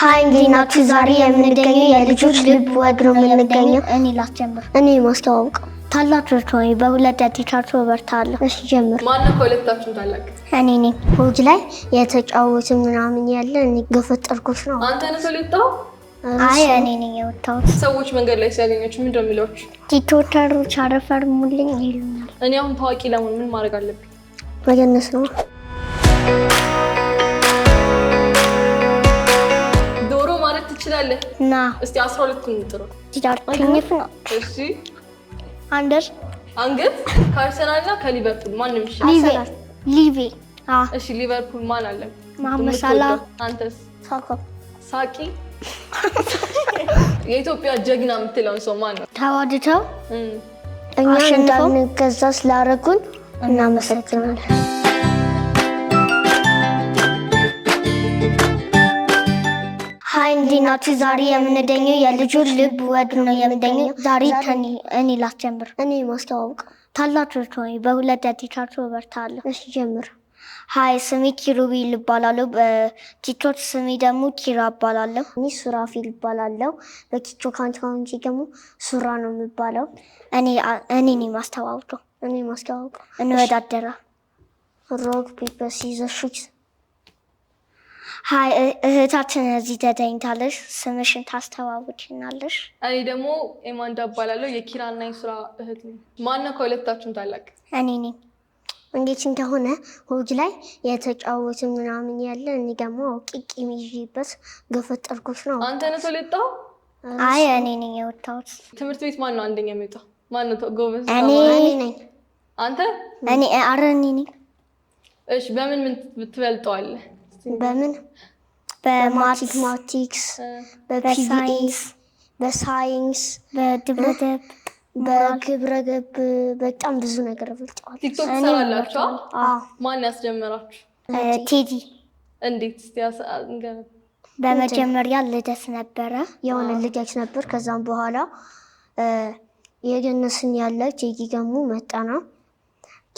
ሀይ እንግዲህ ዛሬ የምንገኘው የልጆች ልብ ወግ ነው የምንገኘው። እኔ ላስጀምር፣ እኔ ማስተዋወቅ። ታላቆች ሆይ በውለደታችሁ እበርታለሁ። እሺ ጀምር። ማነው ከሁለታችን ታላቅ? እኔ ኔ ሁጅ ላይ የተጫወት ምናምን ያለ እኔ ገፈጠርኩት ነው። አንተ ነህ የወጣው? አይ እኔ ነኝ የወጣሁት። ሰዎች መንገድ ላይ ሲያገኙች ምንድን ነው የሚሏችሁ? ቲቶተሮች አረፈርሙልኝ ይሉኛል። እኔ አሁን ታዋቂ ለመሆን ምን ማድረግ አለብኝ? መገነስ ነው ትችላለህ? ና እስቲ አስራ ሁለቱን ጥሩ ትዳርቅኝፍ ነው። እሺ አንደር አንገት ከአርሰናል እና ከሊቨርፑል ማንም ይሻላል? ሊቬ እሺ ሊቨርፑል ማን አለ? መሐመድ ሳላህ። አንተስ? ሳቂ። የኢትዮጵያ ጀግና የምትለውን ሰው ማን ነው? ተዋድተው እኛ እንዳንገዛ ስላደረጉን እናመሰግናለን። እንዲናችሁ ዛሬ የምንደኘው የልጁ ልብ ወግ ነው የምንደኘው። ዛሬ እኔ ላስጀምር። እኔ ማስተዋወቅ ታላቾች ሆይ በሁለት ያቴቻቸው እበርታለሁ። እሺ ጀምር። ሀይ ስሜ ኪሩቤል እባላለሁ። በቲክቶክ ስሜ ደግሞ ኪራ እባላለሁ። እኔ ሱራፊል እባላለሁ። በቲክቶክ አካውንቴ ደግሞ ሱራ ነው የሚባለው። እኔ እኔ ማስተዋወቀው። እኔ ማስተዋወቅ እንወዳደራ ሮክ ፔፐር ሲዘር ሀይ እህታችን እዚህ ተገኝታለሽ። ስምሽን ታስተዋውቂናለሽ? እኔ ደግሞ ኤማንዳ እባላለሁ የኪራና የሱራ እህት ነኝ። ማነው ከሁለታችሁም ታላቅ? እኔ ነኝ። እንዴት እንደሆነ ሆድ ላይ የተጫወት ምናምን ያለ እኔ ደግሞ ቂቂ ሚዥበት ገፈጠርኩት ነው። አንተ ነህ የወጣኸው? አይ እኔ ነኝ የወጣሁት። ትምህርት ቤት ማን ነው አንደኛ የሚወጣው? ማን ነው ጎበዝ? እኔ ነኝ። አንተ? እኔ አረ እኔ ነኝ። እሺ በምን ምን ትበልጠዋለህ? በምን በማቲማቲክስ በሳይንስ በሳይንስ በድብረገብ በግብረገብ በጣም ብዙ ነገር በልጠዋል። ቲክቶክ ሰራላችሁ? ማን ያስጀመራችሁ? ቴዲ። እንዴት በመጀመሪያ ልደት ነበረ፣ የሆነ ልደት ነበር። ከዛም በኋላ የገነስን ያለ መጣና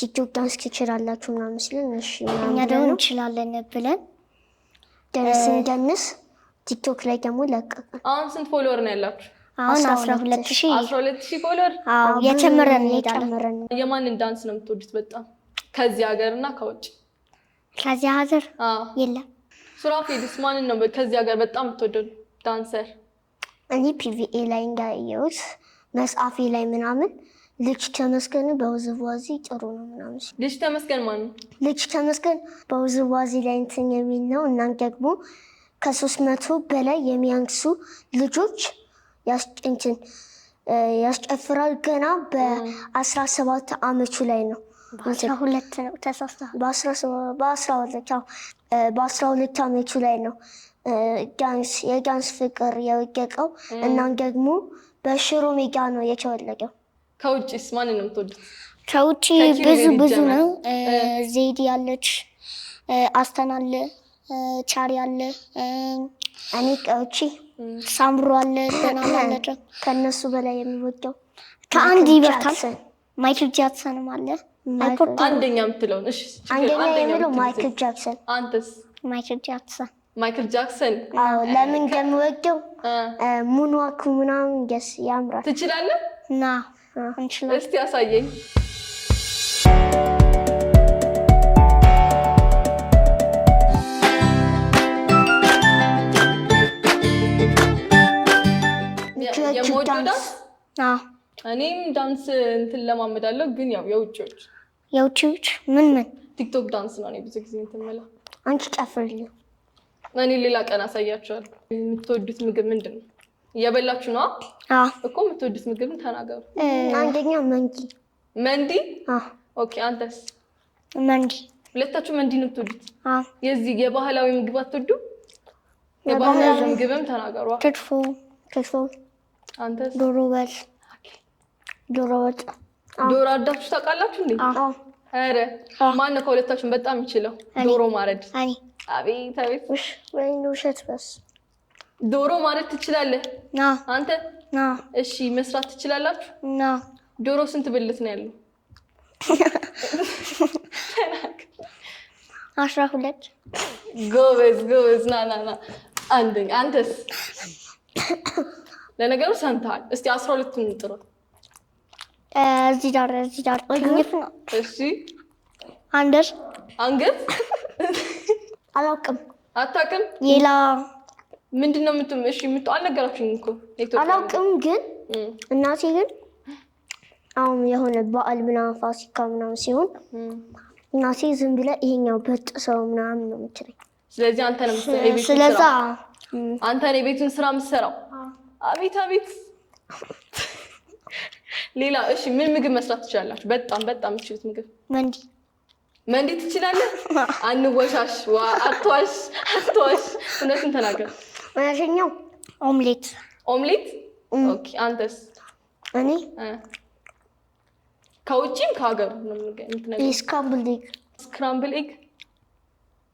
ቲክቶክ ዳንስ ትችላላችሁ ምናምን ሲለን እኛ ደግሞ እንችላለን ብለን ደርስ እንደንስ ቲክቶክ ላይ ደግሞ ለቀቀ። አሁን ስንት ፎሎወር ነው ያላችሁ? አሁን አስራ ሁለት ሺ አስራ ሁለት ሺ ፎሎወር የጨመረን የጨመረን። የማንን ዳንስ ነው የምትወዱት በጣም ከዚህ ሀገር እና ከውጭ? ከዚህ ሀገር የለም። ሱራፌልስ ማንን ነው ከዚህ ሀገር በጣም የምትወደዱ ዳንሰር? እኔ ፒቪኤ ላይ እንዳየሁት መጽሐፌ ላይ ምናምን ልጅ ተመስገን በውዝዋዜ ጥሩ ነው ምናምን። ልጅ ተመስገን ማን ነው? ልጅ ተመስገን በውዝዋዜ ላይ እንትን የሚል ነው። እናም ደግሞ ከሶስት መቶ በላይ የሚያንሱ ልጆች ያስጭንትን ያስጨፍራል። ገና በአስራ ሰባት አመቱ ላይ ነው። በአስራ ሁለት ነው በአስራ ሁለት አመቱ ላይ ነው ዳንስ የዳንስ ፍቅር የወደቀው። እናም ደግሞ በሽሮ ሜዳ ነው የተወለደው። ከውጭስ ማንን ነው የምትወዱት? ከውጭ ብዙ ብዙ ነው። ዜዲ አለች፣ አስተን አለ፣ ቻሪ አለ። እኔ ከውጭ ሳምሮ አለ፣ ገናም አለች። ከእነሱ በላይ የሚወደው ከአንድ ይበርታል። ማይክል ጃክሰንም አለ። አንደኛ የምትለውን አንደኛ የምለው ማይክል ጃክሰን። አንተስ? ማይክል ጃክሰን ማይክል ጃክሰን ለምን እንደምወደው ሙኗኩ ምናምን ደስ ያምራል። ትችላለህ ና እንችላለን። እስቲ ያሳየኝ። እኔም ዳንስ እንትን ለማመዳለሁ ግን ያው የውጭዎች የውጭዎች ምን ምን ቲክቶክ ዳንስ ነው። እኔ ብዙ ጊዜ እንትመላ አንቺ እኔ ሌላ ቀን አሳያቸዋለሁ። የምትወዱት ምግብ ምንድን ነው? እየበላችሁ ነው እኮ። የምትወዱት ምግብን ተናገሩ። አንደኛው መንዲ መንዲ። ኦኬ አንተስ? መንዲ። ሁለታችሁ መንዲ ነው የምትወዱት? የዚህ የባህላዊ ምግብ አትወዱ? የባህላዊ ምግብም ተናገሩ። ክትፎ፣ ክትፎ። አንተስ? ዶሮ ወጥ፣ ዶሮ ወጥ። ዶሮ አርዳችሁ ታውቃላችሁ እንዴ? ኧረ ማን ነው ከሁለታችሁም በጣም ይችለው ዶሮ ማረድ? አቤት አቤት። ውሸት በስ ዶሮ ማለት ትችላለህ? ና አንተ ና። እሺ መስራት ትችላላችሁ? ና ዶሮ ስንት ብልት ነው ያለው? አስራ ሁለት ጎበዝ ጎበዝ። ና ና ና አንደኛ። አንተስ? ለነገሩ ሰምተሃል። እስቲ አስራ ሁለት ጥሩ። እዚህ ዳር እዚህ ዳር ግኝት ነው። እሺ አንደር አንገት አላውቅም። አታውቅም? ሌላ ምንድን ነው የምትም? እሺ የምት አልነገራችሁኝ እኮ አላውቅም። ግን እናቴ ግን አሁን የሆነ በዓል ምናምን ፋሲካ ምናምን ሲሆን እናቴ ዝም ብላ ይሄኛው በጥ ሰው ምናምን ነው የምትለኝ። ስለዚህ አንተ ነው ስለዛ አንተ ነው የቤቱን ስራ የምትሰራው። አቤት አቤት። ሌላ እሺ፣ ምን ምግብ መስራት ትችላላችሁ? በጣም በጣም የምትችሉት ምግብ መንዲ መንዲ ትችላለህ። አንወሻሽ፣ ዋ አትዋሽ፣ አትዋሽ። እውነቱን ተናገር። ወዳሸኛው ኦምሌት ኦምሌት። ኦኬ አንተስ? እኔ ከውጭም ከሀገር ስክራምብል ኤግ ስክራምብል ኤግ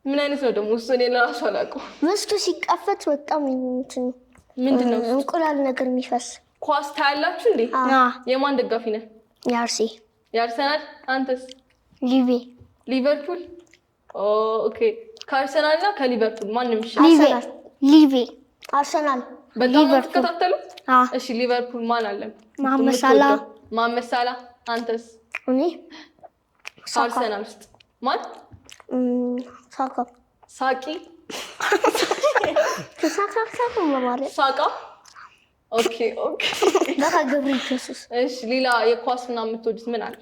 ምን አይነት ነው ደግሞ? እሱ እኔ ለራሱ አላውቀውም። ውስጡ ሲቀፈት በጣም እንትን ምንድን ነው እንቁላል ነገር የሚፈስ ኳስ ታያላችሁ እንዴ? የማን ደጋፊ ነህ? የአርሴ የአርሰናል። አንተስ? ሊቬ ሊቨርፑል። ኦኬ ከአርሰናል እና ከሊቨርፑል ማንም ይሻላል? ሊቪ አርሰናል በጣም ሊቨርፑል ማን አለ? መሐመድ ሳላህ። አንተስ? እኔ አርሰናል ውስጥ ማን? ሳካ። ሳቂ። ሳቃ። ኦኬ ኦኬ። ለካ ገብሪ ኢየሱስ። እሺ ሌላ የኳስ ምናምን የምትወዱት ምን አለ?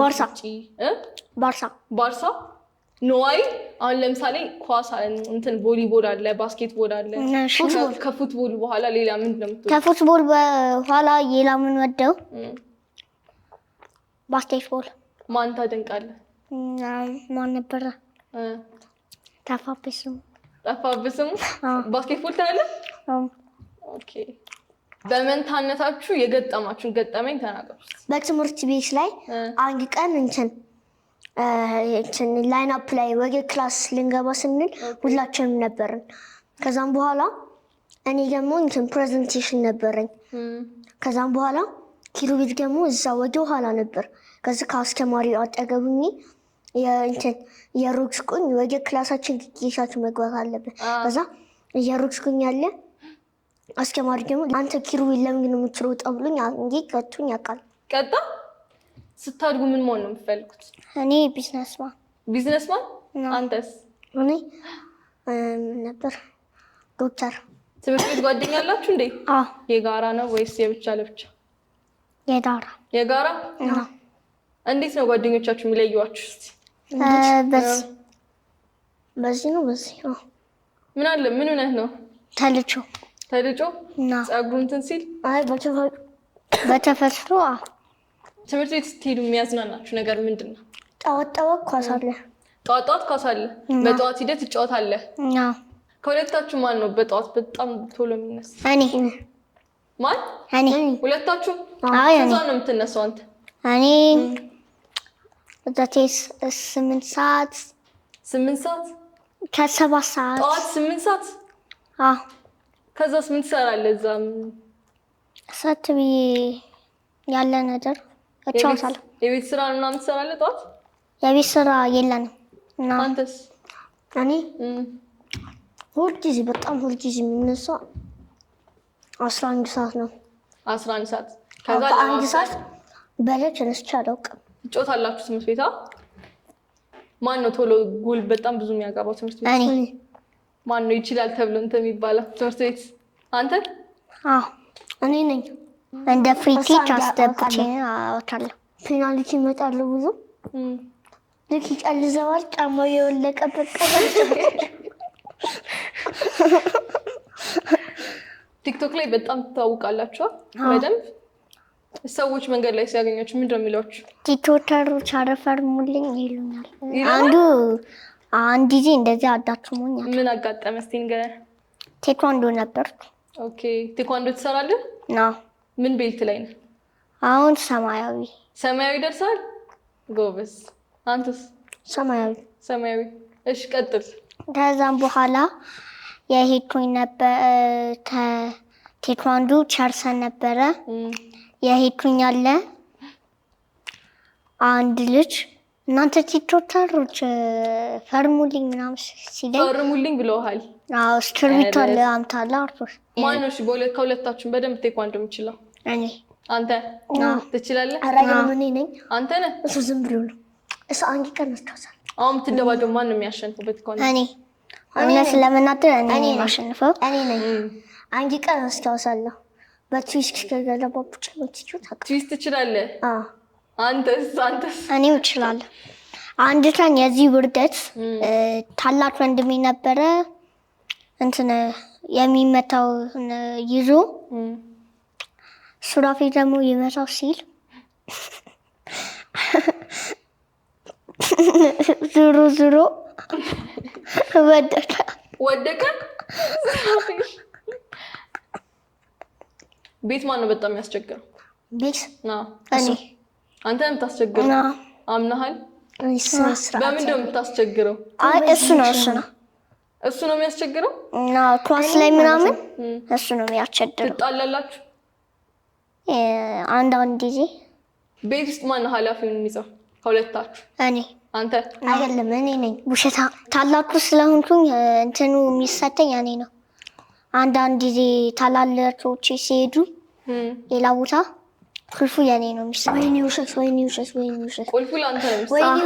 ባርሳ። ባርሳ። ባርሳ ነዋይ አሁን ለምሳሌ ኳስ አለ፣ እንትን ቮሊቦል አለ፣ ባስኬትቦል አለ። ከፉትቦል በኋላ ሌላ ምንድን ነው? ከፉትቦል በኋላ ሌላ ምን ወደው? ባስኬትቦል። ማን ታደንቃለህ? ማን ነበረ? ጠፋብህ ስሙ። ጠፋብህ ስሙ። ባስኬትቦል ትላለህ? ኦኬ። በመንታነታችሁ የገጠማችሁን ገጠመኝ ተናገሩ። በትምህርት ቤት ላይ አንድ ቀን እንትን ላይን አፕ ላይ ወጌ ክላስ ልንገባ ስንል ሁላችንም ነበርን። ከዛም በኋላ እኔ ደግሞ እንትን ፕሬዘንቴሽን ነበረኝ። ከዛም በኋላ ኪሩቤል ደግሞ እዛ ወጌ ኋላ ነበር። ከዚ ከአስተማሪ አጠገቡኝ እንትን ቁኝ ወጌ ክላሳችን ግጌሻችሁ መግባት አለብን። ከዛ የሩክስ ቁኝ ያለ አስተማሪ ደግሞ አንተ ኪሩቤል ለምንድን ነው የምትሮጠው ብሎኝ እንጂ ቀጡኝ ያውቃል ቀጣ ስታድጉ ምን መሆን ነው የምትፈልጉት? እኔ ቢዝነስማን። ቢዝነስማን? አንተስ? እኔ ነበር ዶክተር። ትምህርት ቤት ጓደኛ አላችሁ እንዴ? የጋራ ነው ወይስ የብቻ ለብቻ? የጋራ የጋራ። እንዴት ነው ጓደኞቻችሁ የሚለየዋችሁ እስኪ በዚህ ነው በዚህ ምን አለ ምን እውነት ነው? ተልጮ ተልጮ፣ ጸጉሩ እንትን ሲል፣ በተፈጥሮ ትምህርት ቤት ስትሄዱ የሚያዝናናችሁ ነገር ምንድን ነው? ጠዋት ጠዋት ኳስ አለ። ጠዋት ጠዋት ኳስ አለ። በጠዋት ሂደት ትጫወታለህ። ከሁለታችሁ ማን ነው በጠዋት በጣም ቶሎ የሚነሳ? እኔ። ማን? እኔ። ሁለታችሁ? ከዛ ነው የምትነሳው አንተ? እኔ ዛቴ ስምንት ሰዓት ስምንት ሰዓት ከሰባት ሰዓት ጠዋት ስምንት ሰዓት ከዛስ ምን ትሰራለህ? እዛ ሰት ብዬ ያለ ነገር እጫወታለሁ። የቤት ስራ ምናምን ትሰራለህ? ጠዋት የቤት ስራ የለንም። አንተስ? እኔ ሁልጊዜ በጣም ሁልጊዜ የምነሳ አስራ አንድ ሰዓት ነው። አስራ አንድ ሰዓት ከዛ አንድ ሰዓት በላይ ተነስቼ አላውቅም። እጮታላችሁ ትምህርት ቤታ? ማን ነው ቶሎ ጎል በጣም ብዙ የሚያገባው ትምህርት ቤት? እኔ ማን ነው ይችላል ተብሎ እንትን የሚባለው ትምህርት ቤት? አንተ? አዎ እኔ ነኝ። እንደ ፍሪቲ አስገብቼ አወጣለሁ። ይመጣሉ ብዙ ልክ ይጨልዘዋል። ጫማው የወለቀ ቀበል ቲክቶክ ላይ በጣም ትታወቃላችኋል። በደንብ ሰዎች መንገድ ላይ ሲያገኛችሁ ምንድን ነው የሚሏችሁ? ቲክቶከሮች አረፈር ይሉኛል። አንዱ አንድ ጊዜ እንደዚህ አዳችሞኛል። ምን አጋጠመ እስቲ ቴኳንዶ ነበርኩ። ቴኳንዶ ትሰራለህ? ምን ቤልት ላይ ነህ? አሁን ሰማያዊ። ሰማያዊ ደርሰዋል። ጎበዝ። አንተስ? ሰማያዊ። ሰማያዊ። እሺ ቀጥል። ከዛም በኋላ የሄድኩኝ ነበር ከቴኳንዶ ቻርሰን ነበረ የሄድኩኝ አለ አንድ ልጅ እናንተ ቲቶታሮች ፈርሙልኝ ምናምን ሲለኝ ፈርሙልኝ ብለውሃል? አዎ እስክርቢቶ አምታላ አርቶሽ ማኖሽ ከሁለታችሁም በደንብ ቴኳንዶ የምችለው እኔ አንተ ትችላለህ። አራገን ምን ነኝ። አንተ ነህ። እሱ ዝም ብሎ ነው። እሱ አንድ ቀን አስታውሳለሁ። አሁን የምትደባደው ማን ነው የሚያሸንፍበት? ከሆነ እኔ እውነት ለመናገር እኔ ነኝ የማሸንፈው። እኔ ነኝ። አንድ ቀን አስታውሳለሁ። በትዊስት ከገለባ ብቻ በትዩ ታቃ ትዊስት ትችላለህ። አንተስ? አንተስ? እኔም እችላለሁ። አንድ ቀን የዚህ ውርደት ታላቅ ወንድሜ ነበረ እንትን የሚመታው ይዞ ሱራፌል ደግሞ ይመታው ሲል ዞሮ ዝሮ ወደቀ ወደቀ። ቤት ማን ነው በጣም ያስቸግረው? ቤት እኔ። አንተ ነው የምታስቸግረው። አምናሃል? በምን የምታስቸግረው? አይ እሱ ነው እሱ ነው እሱ ነው የሚያስቸግረው። ኳስ ላይ ምናምን እሱ ነው የሚያስቸግረው። ትጣላላችሁ አንዳንድ ጊዜ ቤት ውስጥ ማነው ኃላፊውን የሚይዘው? ከሁለታችሁ እኔ። አንተ አይደለም፣ እኔ ነኝ። ውሸታ ታላቁ ስለሆንኩኝ እንትኑ የሚሰጠኝ እኔ ነው። አንዳንድ ጊዜ ታላላቆቼ ሲሄዱ ሌላ ቦታ ቁልፉ የኔ ነው የሚሰጠኝ። ወይኔ ውሸት፣ ወይኔ ውሸት፣ ወይኔ ውሸት፣ ቁልፉ ለአንተ ነው የሚሰጠኝ።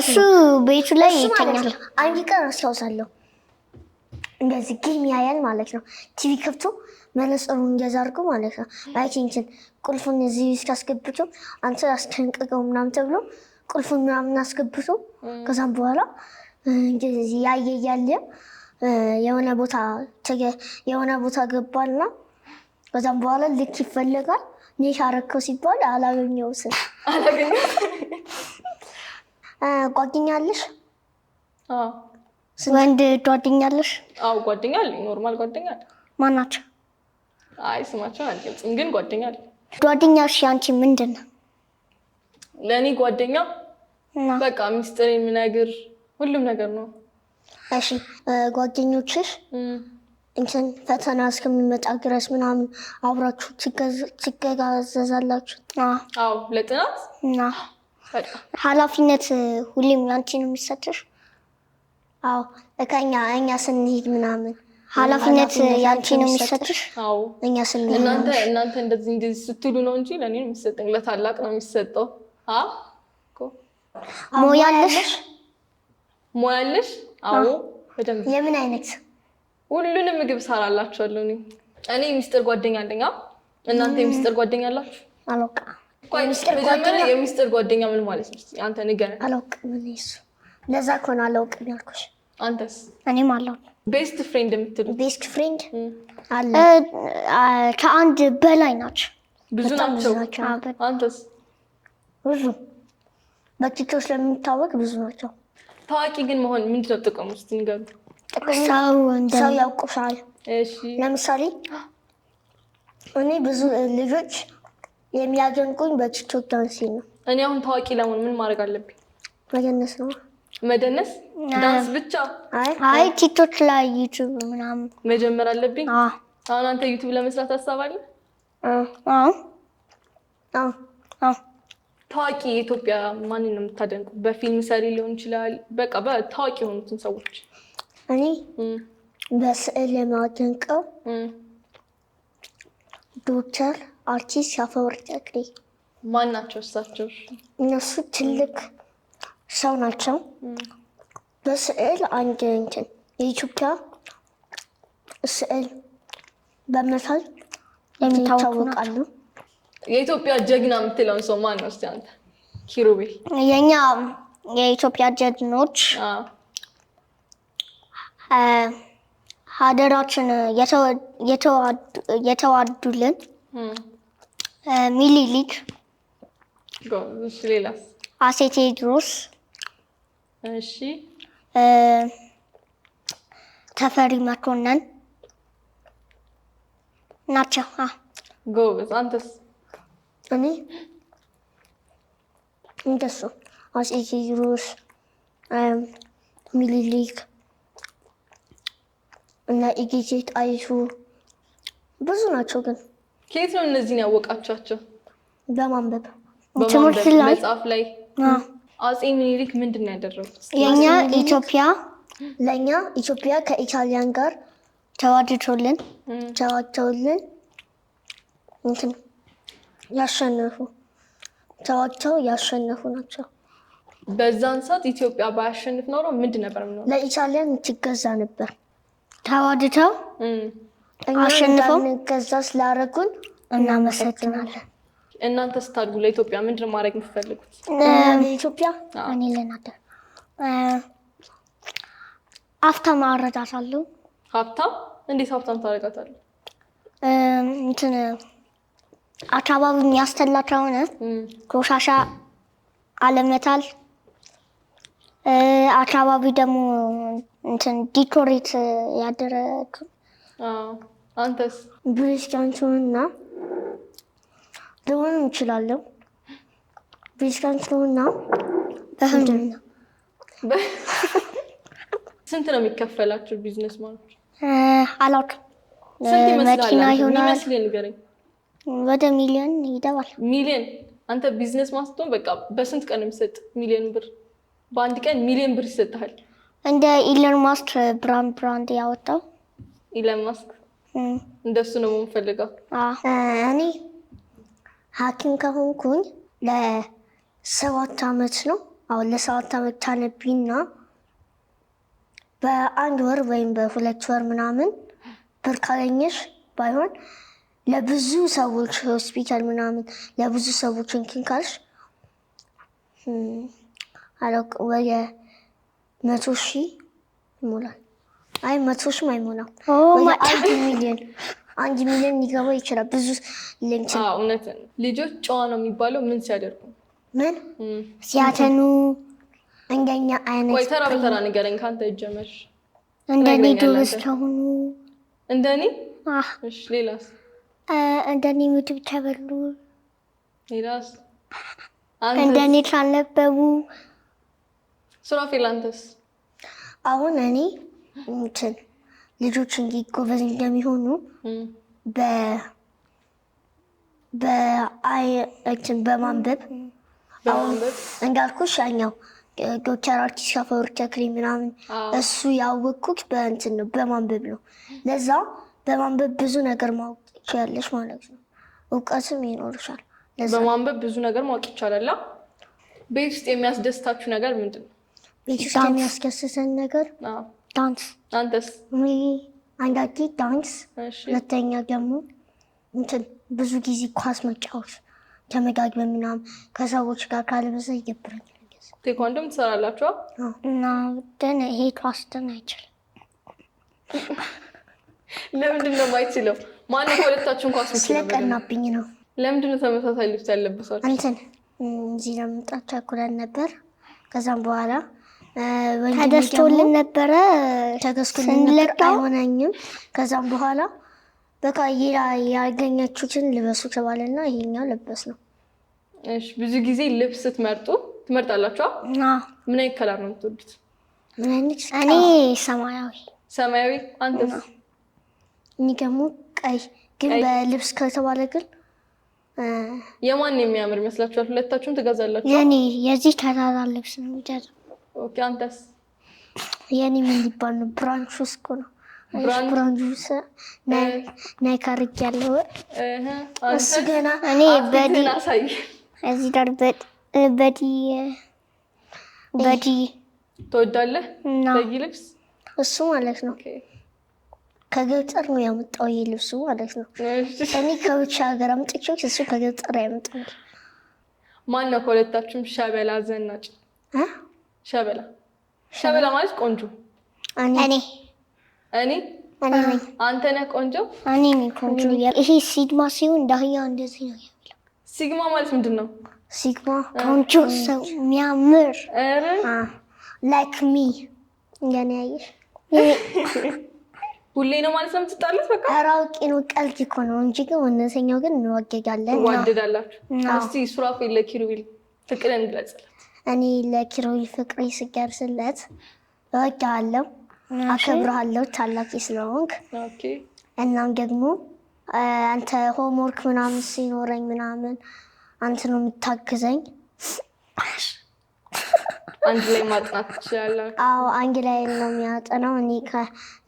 እሱ ቤቱ ላይ ይተኛል። አንድ ቀን አስታውሳለሁ፣ እንደዚህ ጌም ያያል ማለት ነው ቲቪ ከብቶ መነጽሩን እንደዛ አድርጎ ማለት ነው። ላይክ እንትን ቁልፉን እዚህ እስካስገብቶ አንተ አስደንቅቀው ምናምን ተብሎ ቁልፉን ምናምን አስገብቶ ከዛም በኋላ እንግዲህ ያየ እያለ የሆነ ቦታ የሆነ ቦታ ገባልና ከዛም በኋላ ልክ ይፈለጋል። ኔሽ አረከው ሲባል አላገኘው ስል ጓደኛለሽ ወንድ ጓደኛለሽ? አዎ ጓደኛ አለኝ። ኖርማል ጓደኛ ማናቸው? አይ ስማቸው አልገልጽም፣ ግን ጓደኛ አለ። እሺ፣ አንቺ ምንድን ነው? ለእኔ ጓደኛ በቃ ሚስጥር የሚነግር ሁሉም ነገር ነው። እሺ ጓደኞችሽ እንትን ፈተና እስከሚመጣ ድረስ ምናምን አብራችሁ ትገጋዘዛላችሁ አዎ ለጥናት ኃላፊነት ሁሌም ያንቺ ነው የሚሰጥሽ? አዎ እኛ እኛ ስንሄድ ምናምን ኃላፊነት ያንቺ ነው የሚሰጥሽ። እኛ እናንተ እናንተ እንደዚህ እንደዚህ ስትሉ ነው እንጂ ለእኔ ነው የሚሰጠኝ። ለታላቅ ነው የሚሰጠው። ሞያለሽ ሞያለሽ? አዎ በደንብ። የምን አይነት ሁሉንም ምግብ ሰራላችኋለሁ። እኔ እኔ የሚስጥር ጓደኛ አለኝ። እናንተ የሚስጥር ጓደኛ አላችሁ? አላውቅም። የሚስጥር ጓደኛ ምን ማለት ነው? አንተ አላውቅም። ለዛ ከሆነ አላውቅም ያልኩሽ። አንተስ? እኔም አላውቅም ቤስት ፍሬንድ የምትሉ ቤስት ፍሬንድ አለ? ከአንድ በላይ ናቸው። ብዙ ናቸው። አንተስ? ብዙ በቲክቶክ ስለሚታወቅ ብዙ ናቸው። ታዋቂ ግን መሆን ምንድነው ጥቅሙ? ውስጥ ንገሩ። ሰው ያውቁሻል። ለምሳሌ እኔ ብዙ ልጆች የሚያደንቁኝ በቲክቶክ ዳንሴ ነው። እኔ አሁን ታዋቂ ለመሆን ምን ማድረግ አለብኝ? መደነስ ነው መደነስ ዳንስ ብቻ? አይ ቲክቶክ ላይ ዩቲዩብ ምናምን መጀመር አለብኝ። አሁን አንተ ዩቲዩብ ለመስራት ሀሳብ ታዋቂ የኢትዮጵያ ማንን ነው የምታደንቁ? በፊልም ሰሪ ሊሆን ይችላል፣ በቃ ታዋቂ የሆኑትን ሰዎች። እኔ በስዕል የማደንቀው ዶክተር አርቲስት አፈወርቅ ተክሌ። ማን ናቸው እሳቸው? እነሱ ትልቅ ሰው ናቸው። በስዕል አንድ እንትን የኢትዮጵያ ስዕል በመሳል የሚታወቃሉ። የኢትዮጵያ ጀግና የምትለውን ሰው ማን ነው? እስኪ አንተ የኛ የኢትዮጵያ ጀግኖች ሀገራችን የተዋዱልን ሚኒሊክ፣ አሴ ቴዎድሮስ እሺ ተፈሪ መኮንን ናቸው። ጎበዝ። አንተስ? እኔ እንደሱ አጼ ቴዎድሮስ፣ ሚሊሊክ እና እቴጌ ጣይቱ ብዙ ናቸው። ግን ከየት ነው እነዚህን ያወቃቸዋቸው በማንበብ ትምህርት ላይ መጽሐፍ ላይ አጼ ሚኒሊክ ምንድን ነው ያደረጉት? የእኛ ኢትዮጵያ ለእኛ ኢትዮጵያ ከኢታሊያን ጋር ተዋድቶልን ተዋቸውልን እንትን ያሸነፉ ተዋቸው ያሸነፉ ናቸው። በዛን ሰዓት ኢትዮጵያ ባያሸንፍ ኖሮ ምንድን ነበር ምኖ ለኢታሊያን ትገዛ ነበር። ተዋድተው አሸንፈው እንገዛ ስላደረጉን እናመሰግናለን። እናንተ ስታድጉ ለኢትዮጵያ ምንድን ማድረግ የምትፈልጉት? ኢትዮጵያ እኔ ልናገር ሀብታም አረዳታለሁ። ሀብታም እንዴት ሀብታም ታረጋታለህ? እንትን አካባቢ የሚያስተላ ከሆነ ቆሻሻ አለመታል። አካባቢ ደግሞ እንትን ዲኮሬት ያደረግ አንተስ ብሪስጃንቾንና ልሆን እንችላለሁ። ቤዚካንት ነውና በህምድና ስንት ነው የሚከፈላቸው? ቢዝነስ ማለት አላውቅም። መኪና ይሆናል ወደ ሚሊዮን ይደባል። ሚሊዮን አንተ ቢዝነስ ማስቶን በቃ በስንት ቀን የሚሰጥ ሚሊዮን ብር? በአንድ ቀን ሚሊዮን ብር ይሰጥሃል። እንደ ኢለን ማስክ ብራንድ ብራንድ ያወጣው ኢለን ማስክ እንደሱ ነው የምንፈልገው እኔ ሐኪም ከሆንኩኝ ለሰባት ዓመት ነው። አሁን ለሰባት ዓመት ታነቢና በአንድ ወር ወይም በሁለት ወር ምናምን ብር ካገኘሽ ባይሆን ለብዙ ሰዎች ሆስፒታል ምናምን ለብዙ ሰዎች እንትን ካልሽ አላውቅም ወደ መቶ ሺህ ይሞላል። አይ መቶ ሺህም አይሞላም ወደ አንድ ሚሊዮን አንድ ሚሊዮን ሊገባ ይችላል። ብዙ እውነት ልጆች ጨዋ ነው የሚባለው ምን ሲያደርጉ ምን ሲያተኑ እንደኛ አይነት ወይ ተራ በተራ ንገረኝ ከአንተ ይጀመር። እንደኔ ጎበዝ ከሆኑ እንደኔ ሌላስ እንደኔ ምግብ ተበሉ ሌላስ እንደኔ ካነበቡ ሱራፌል አንተስ? አሁን እኔ እንትን ልጆች እንዴት ጎበዝ እንደሚሆኑ በአይችን በማንበብ እንዳልኩሽ ያኛው ዶክተር አርቲስ ከፈወርቅ ተክሌ ምናምን እሱ ያወቅኩት በእንትን ነው በማንበብ ነው። ለዛ በማንበብ ብዙ ነገር ማወቅ ትችያለሽ ማለት ነው። እውቀትም ይኖርሻል። በማንበብ ብዙ ነገር ማወቅ ይቻላል። ቤት ውስጥ የሚያስደስታችሁ ነገር ምንድን ነው? ቤት ውስጥ የሚያስደስተን ነገር ዳንስ። አንተስ? አንዳንዴ ዳንስ፣ ሁለተኛ ደግሞ እንትን ብዙ ጊዜ ኳስ መጫወት ተመጋግበን ምናምን ከሰዎች ጋር ካልበዛ ይገብረኛል። ቴኳንዶም ትሰራላችኋ? እና ደን ይሄ ኳስ ደን አይችልም። ለምንድን ነው የማይችለው? ማነው ከሁለታችን ኳስ ስለቀናብኝ ነው። ለምንድን ነው ተመሳሳይ ልብስ ያለበሳችሁ? እንትን እዚህ ለመምጣት ቸኩለን ነበር። ከዛም በኋላ ተገዝቶልን ነበረ። ተገዝቶልን ነበር አይሆነኝም። ከዛም በኋላ በቃ ያገኛችሁትን ልበሱ ተባለና ይሄኛው ልበስ ነው። እሺ፣ ብዙ ጊዜ ልብስ ስትመርጡ ትመርጣላችሁ? ምን አይነት ከለር ነው የምትወዱት? እኔ ሰማያዊ። ሰማያዊ አንተ? እኔ ደግሞ ቀይ። ግን በልብስ ከተባለ ግን የማን የሚያምር ይመስላችኋል? ሁለታችሁም ትገዛላችሁ? የኔ የዚህ ተራራ ልብስ ነው የሚገዛው ኦኬ። አንተስ? የኔ ምን ይባል ነው? ብራንች እስኮ ነው ብራንች ናይ ካርግ ያለው እሱ ገና እኔ በዲ እዚህ ዳር በዲ በዲ ትወዳለህ? በዲ ልብስ እሱ ማለት ነው። ከገጠር ነው ያመጣው ይሄ ልብሱ ማለት ነው። እኔ ከውጭ ሀገር አምጥቼው እሱ ከገጠር ያመጣው። ማን ነው ከሁለታችሁም ሸበላ ዘናጭ? ሸበላ ሸበላ ማለት ቆንጆ እኔ እኔ አንተ ነህ ቆንጆ እኔ ነኝ ቆንጆ። ይሄ ሲግማ ሲሆን ዳህያ እንደዚህ ነው የሚለው። ሲግማ ማለት ምንድን ነው? ሲግማ ቆንጆ ሰው የሚያምር ላይክ ሚ እንደኔ ያየሽ ሁሌ ነው ማለት ነው የምትጣሉት? በቃ ኧረ አውቄ ነው፣ ቀልድ እኮ ነው እንጂ ግን ወነሰኛው ግን እንዋገጋለን። ዋደዳላችሁ። እስቲ ሱራፌል ለኪሩቤል ፍቅርን እንግለጽለን እኔ ለኪሮይ ፍቅሬ ስገርስለት እወድሃለሁ፣ አከብረሃለሁ ታላቂ ስለሆንክ እናም ደግሞ አንተ ሆምወርክ ምናምን ሲኖረኝ ምናምን አንተ ነው የምታግዘኝ። አንድ ላይ ማጥናት ትችላላችሁ? አዎ አንድ ላይ ነው የሚያጠናው። እኔ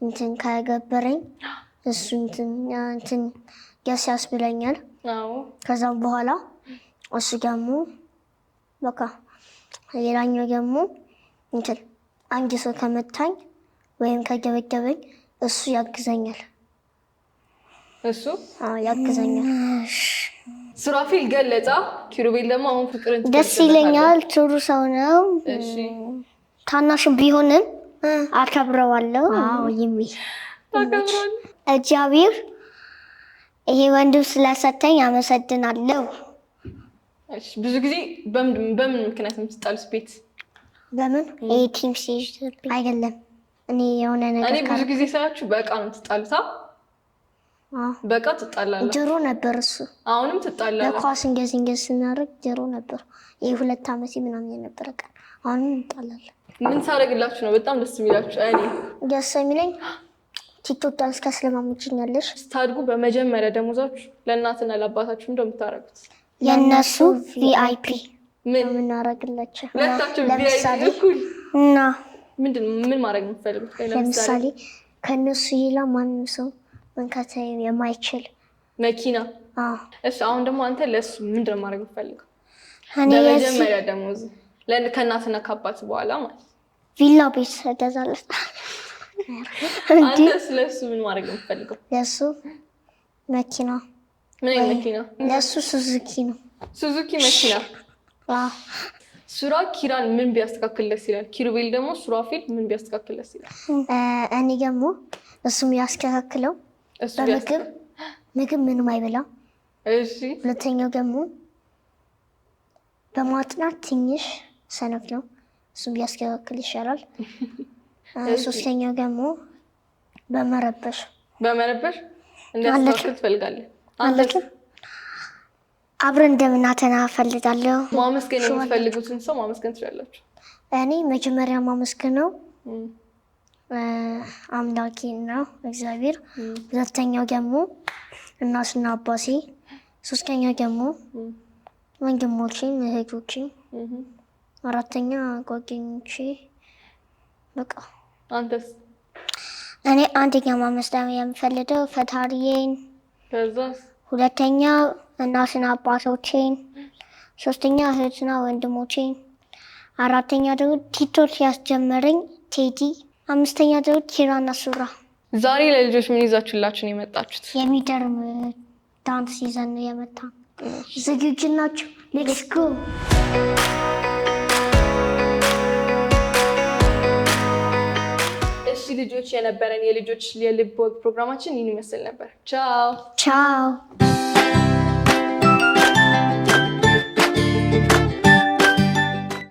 እንትን ከገበረኝ እሱ እንትን ገስ ያስብለኛል። ከዛም በኋላ እሱ ደግሞ በቃ ሌላኛው ደግሞ እንትን አንድ ሰው ከመታኝ ወይም ከገበገበኝ እሱ ያግዘኛል። እሱ ያግዘኛል። ሱራፊል ገለጻ፣ ኪሩቤል ደግሞ አሁን ፍቅርን ደስ ይለኛል። ጥሩ ሰው ነው። ታናሽም ቢሆንም አከብረዋለሁ የሚል እግዚአብሔር ይሄ ወንድም ስለሰጠኝ አመሰግናለሁ። ብዙ ጊዜ በምን ምክንያት የምትጣሉት? ቤት በምን ቲም ሲይዝ አይደለም። እኔ የሆነ ነገር እኔ ብዙ ጊዜ ሳያችሁ በእቃ ነው የምትጣሉት። በቃ ትጣላለህ። ድሮ ነበር እሱ፣ አሁንም ትጣላለህ። ለኳስ እንገዝ እንገዝ ስናደርግ ድሮ ነበር። ይህ ሁለት ዓመት ምናምን የነበረ ቀን፣ አሁንም እንጣላለን። ምን ሳደርግላችሁ ነው በጣም ደስ የሚላችሁ? እኔ ደስ የሚለኝ ቲክቶክ ዳንስ ካስለማመችኛለሽ። ስታድጉ በመጀመሪያ ደሞዛችሁ ለእናትና ለአባታችሁ እንደምታደርጉት የእነሱ ቪአይፒ የምናረግላቸው ለምሳሌ እና ምንድን ምን ማድረግ የምትፈልጉት? ለምሳሌ ከእነሱ ሌላ ማንም ሰው መንካት የማይችል መኪና። እሺ፣ አሁን ደግሞ አንተ ለእሱ ምንድን ማድረግ የምትፈልገው? በመጀመሪያ ደሞዝ ከእናትና ከአባት በኋላ ማለት ቪላ ቤት እገዛለሁ። አንተስ ለእሱ ምን ማድረግ የምትፈልገው? ለእሱ መኪና ምን አይነት መኪና? ለሱ ሱዙኪ ነው። ሱዙኪ መኪና ሱራ ኪራን ምን ቢያስተካክል ደስ ይላል? ኪሩቤል ደግሞ ሱራፊል ምን ቢያስተካክል ደስ ይላል? እኔ ደግሞ እሱም ያስተካክለው በምግብ ምግብ ምንም አይበላም። እሺ። ሁለተኛው ደግሞ በማጥናት ትንሽ ሰነፍ ነው። እሱም ቢያስተካክል ይሻላል። ሶስተኛው ደግሞ በመረበሽ በመረበሽ እንዳስተካክል ትፈልጋለን። አንለቱ አብረን እንደምናተና ፈልጋለሁ። ማመስገን የምትፈልጉትን ሰው ማመስገን ትችላላችሁ። እኔ መጀመሪያ ማመስገን ነው አምላኬ ነው እግዚአብሔር። ሁለተኛው ደግሞ እናትና አባሴ፣ ሶስተኛው ደግሞ ወንድሞችን እህቶችን፣ አራተኛ ጓደኞቼ። በቃ አንተስ? እኔ አንደኛ ማመስገን የምፈልገው ፈታሪዬን ሁለተኛ እናትና አባቶቼን፣ ሶስተኛ እህትና ወንድሞቼን፣ አራተኛ ደግሞ ቲቶች ያስጀመረኝ ቴዲ፣ አምስተኛ ደግሞ ኪራና ሱራ። ዛሬ ለልጆች ምን ነው የመጣችሁት? የሚገርም ዳንስ ይዘን ነው የመጣን። ዝግጁ ናችሁ? ሌትስ ጎ ሶስት ልጆች የነበረን የልጆች የልብ ወግ ፕሮግራማችን ይህን ይመስል ነበር። ቻው ቻው።